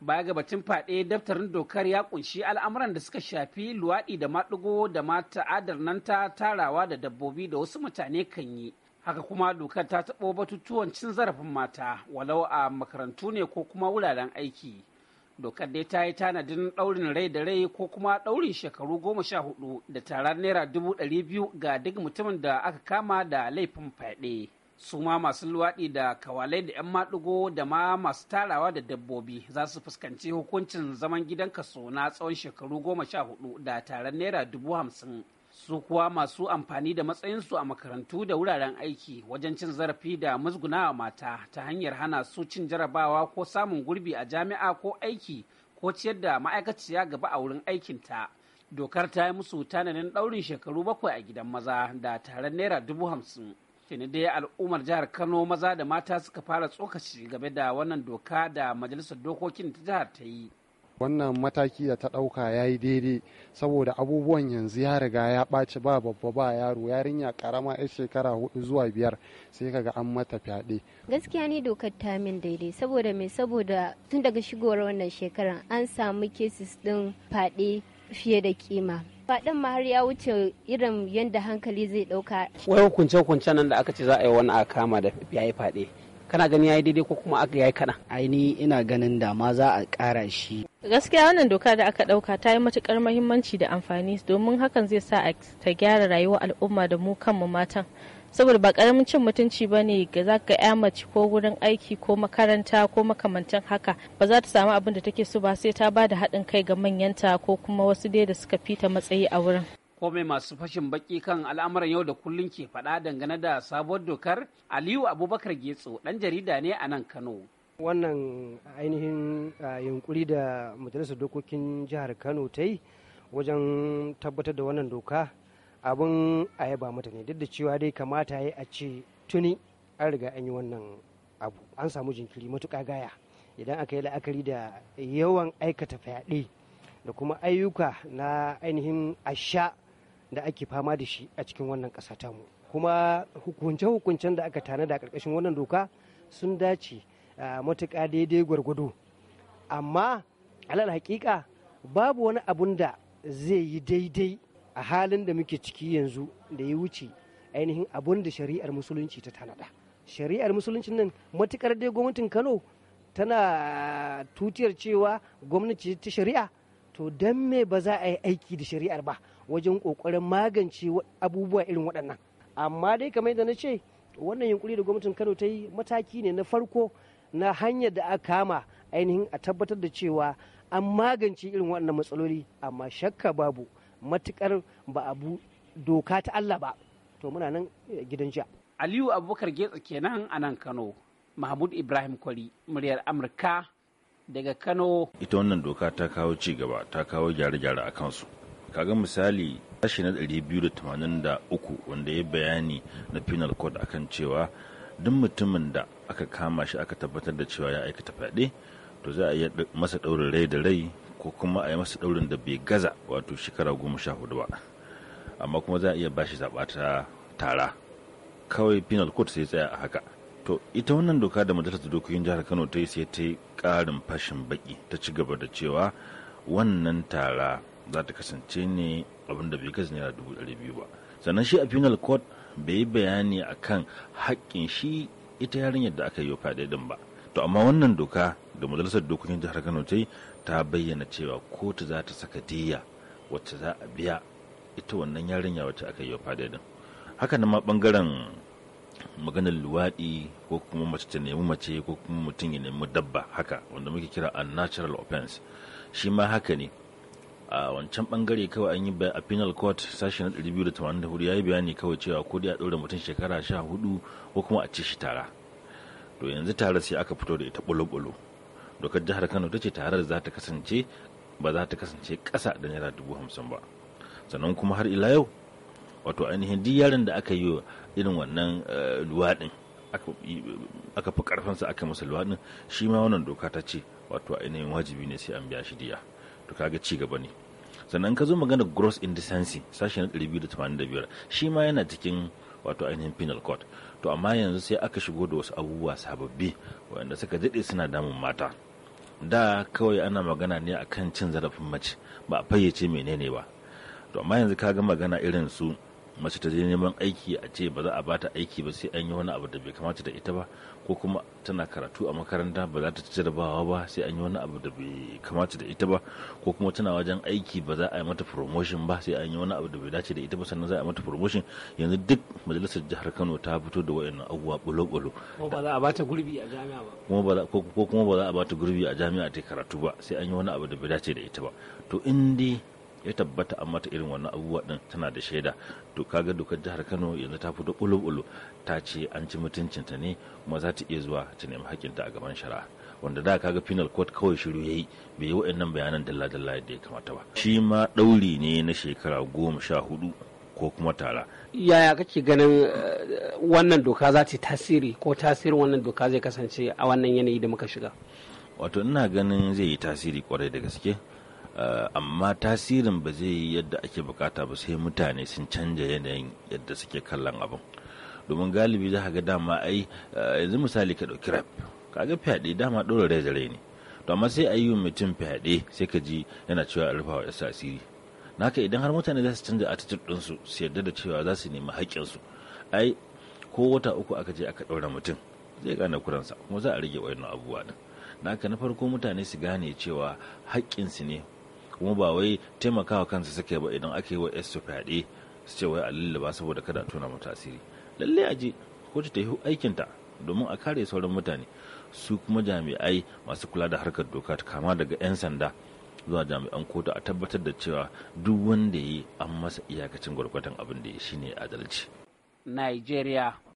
baya ga batun faɗe daftarin dokar ya kunshi al'amuran da suka shafi luwaɗi da maɗigo da mata adarnanta tarawa da dabbobi da wasu mutane kan yi haka kuma dokar ta taɓo batutuwan cin zarafin mata walau a makarantu ne ko kuma wuraren aiki dokar dai ta yi tanadin ɗaurin rai da rai ko kuma ɗaurin shekaru goma sha hudu da tarar naira dubu ɗari biyu ga duk mutumin da aka kama da laifin fyaɗe. su ma masu luwaɗi da kawalai da 'yan maɗigo da ma masu tarawa da dabbobi za su fuskanci hukuncin zaman gidan kaso na tsawon shekaru goma sha hudu da taron naira dubu hamsin su kuwa masu amfani da matsayinsu a makarantu da wuraren aiki wajen cin zarafi da musgunawa mata ta hanyar hana su cin jarabawa ko samun gurbi a jami'a ko aiki ko ciyar da ma'aikaciya gaba a wurin aikinta dokar ta yi musu tanadin ɗaurin shekaru bakwai a gidan maza da taron naira dubu hamsin tuni dai al'ummar jihar kano maza da mata suka fara tsokaci game da wannan doka da majalisar dokokin ta jihar ta yi wannan mataki da ta ɗauka ya yi daidai saboda abubuwan yanzu ya riga ya ɓaci ba babba ba yaro yarinya karama yar shekara hudu zuwa biyar sai kaga an mata fyaɗe gaskiya ne dokar ta min daidai saboda mai saboda tun daga shigowar wannan shekaran an samu kesis ɗin fyaɗe fiye da kima faɗin ma har ya wuce irin yadda hankali zai ɗauka. Wai hukunce hukunce nan da aka ce za a yi wani a kama da ya yi faɗe. Kana gani ya yi daidai ko kuma aka yi kaɗan? Aini ina ganin da ma za a ƙara shi. Gaskiya wannan doka da aka ɗauka ta yi matuƙar muhimmanci da amfani domin hakan zai sa ta gyara rayuwar al'umma da mu kanmu matan. saboda ba karamin cin mutunci ba ne ga za ka ya mace ko wurin aiki ko makaranta ko makamantan haka ba za ta samu abin da take so ba sai ta ba da haɗin kai ga manyanta ko kuma wasu dai da suka fita matsayi a wurin. komai masu fashin baki kan al'amuran yau da kullun ke faɗa dangane da sabuwar dokar aliyu abubakar getso dan jarida ne a nan kano wannan ainihin ah, yunkuri da majalisar dokokin jihar kano ta yi wajen tabbatar da wannan doka abin a yaba mata ne duk da cewa dai kamata ya a ce tuni an riga an yi wannan abu an samu jinkiri matuka gaya idan aka yi la'akari da yawan aikata fyaɗe da kuma ayyuka na ainihin asha da ake fama da shi a cikin wannan ƙasa mu kuma hukunce-hukuncen da aka tanada a ƙarƙashin wannan doka sun dace matuƙa daidai gwargwado amma alal hakika babu wani abun da zai yi daidai a halin da muke ciki yanzu da ya wuce ainihin abun da shari'ar musulunci ta tanada shari'ar musulunci nan matukar dai gwamnatin kano tana tutiyar cewa gwamnati ta shari'a to don me ba za a yi aiki da shari'ar ba wajen kokarin magance abubuwa irin waɗannan amma dai kamar yadda na ce wannan yunkuri da gwamnatin kano ta yi mataki ne na farko na hanyar da aka kama ainihin a tabbatar da cewa an magance irin waɗannan matsaloli amma shakka babu matukar ba abu doka ta Allah ba to muna nan eh, gidan jiya Aliyu Abubakar Getsa kenan a nan Kano Mahmud Ibrahim Kwari muryar Amurka daga Kano ita wannan doka ta kawo ci gaba ta kawo gyare-gyare a kansu kaga misali sashi na 283 wanda ya bayani na penal code akan cewa duk mutumin da aka kama shi aka tabbatar da cewa ya aikata fyaɗe to za a iya masa ɗaurin rai da rai ko kuma a yi masa ɗaurin da bai gaza wato shekara goma sha hudu ba amma kuma za a iya bashi zaba ta tara kawai penal court sai tsaya a haka to ita wannan doka da majalisar dokokin jihar kano ta yi sai ta yi ƙarin fashin baki ta ci gaba da cewa wannan tara za ta kasance ne abin da bai gaza naira dubu ɗari biyu ba sannan shi a penal court bai yi bayani akan haƙƙin shi ita yarinyar da aka yi wa faɗaɗin ba to amma wannan doka da majalisar dokokin jihar kano ta yi ta bayyana cewa kotu za ta saka diya wacce za a biya ita wannan yarinya wacce aka yi wa fadadin haka na ma bangaren maganar luwaɗi ko kuma mace ta nemi mace ko kuma mutum ya nemi dabba haka wanda muke kira natural offense shi ma haka ne a wancan bangare kawai an yi a penal court sashi na 284 ya yi bayani kawai cewa ko dai a ɗora mutum shekara 14 ko kuma a ci shi tara to yanzu tara sai aka fito da ita bulo dokar jihar kano ta ce tarar za ta kasance ba za ta kasance kasa da naira dubu hamsin ba sannan kuma har ila yau wato ainihin duk yaran da aka yi irin wannan eh, luwaɗin aka fi ƙarfinsa aka masa luwaɗin shi ma wannan doka ta ce wato ainihin wajibi ne sai an biya shi diya to kaga ci gaba ne sannan ka zo magana gross indecency sashe na 285 shi ma yana cikin wato ainihin penal code to amma yanzu sai aka shigo da wasu abubuwa sababbi waɗanda suka daɗe suna damun mata da kawai ana magana ne akan cin zarafin mace ba a fayyace menene ba to amma yanzu ka ga magana irin su mace ta je neman aiki a ce ba za a bata aiki ba sai an yi wani abu da bai kamata da ita ba ko kuma tana karatu a makaranta ba za ta ci jarabawa ba sai an yi wani abu da bai kamata da ita ba ko kuma tana wajen aiki ba za a yi mata promotion ba sai an yi wani abu da bai dace da ita ba sannan za a yi mata promotion yanzu duk majalisar jihar Kano ta fito da wayannan abubuwa bulo-bulo ko ba za a bata gurbi a jami'a ba kuma ba za a bata gurbi a jami'a ta karatu ba sai an yi wani abu da bai dace da ita ba to in dai ya tabbata an mata irin wannan abubuwa din tana da shaida to kaga dokar jihar Kano yanzu ta fito bulubulu ta ce an ci mutuncinta ne kuma za ta iya zuwa ta nemi hakinta a gaban shari'a wanda da kaga penal court kawai shiru yayi bai yi wa'annan bayanan dalla-dalla yadda ya kamata ba shi ma dauri ne na shekara goma sha hudu ko kuma tara. Yaya kake ganin eh, wannan doka za ta tasiri ko tasirin wannan doka zai kasance a wannan yanayi da muka shiga? Wato ina ganin zai yi tasiri kwarai da gaske. Eh, amma tasirin ba zai yi yadda ake bukata ba sai mutane sun canja yanayin yadda suke kallon abin domin galibi za ka ga dama ai eh, yanzu misali ka ɗauki rap kaga fyaɗe dama ɗora rai ne to amma sai a yi mutum fyaɗe sai ka ji yana cewa a rufa wa yasa asiri naka idan har mutane za su canza attitude ɗinsu su yarda da cewa za su nemi haƙƙinsu ai ko wata uku aka je aka ɗaura mutum zai gane kuransa kuma za a rage wayannan abubuwa din naka na farko mutane su gane cewa haƙƙinsu ne kuma ba wai taimakawa kansa suke ba idan ake yi wa su fyaɗe su ce wai a ba saboda kada tona mata asiri lallai a je ko ta yi aikinta domin a kare sauran mutane su kuma jami'ai masu kula da harkar doka kama daga 'yan sanda zuwa jami'an kotu a tabbatar da cewa duk wanda ya yi an masa iyakacin gwargwadon abin da ya shine adalci. Nigeria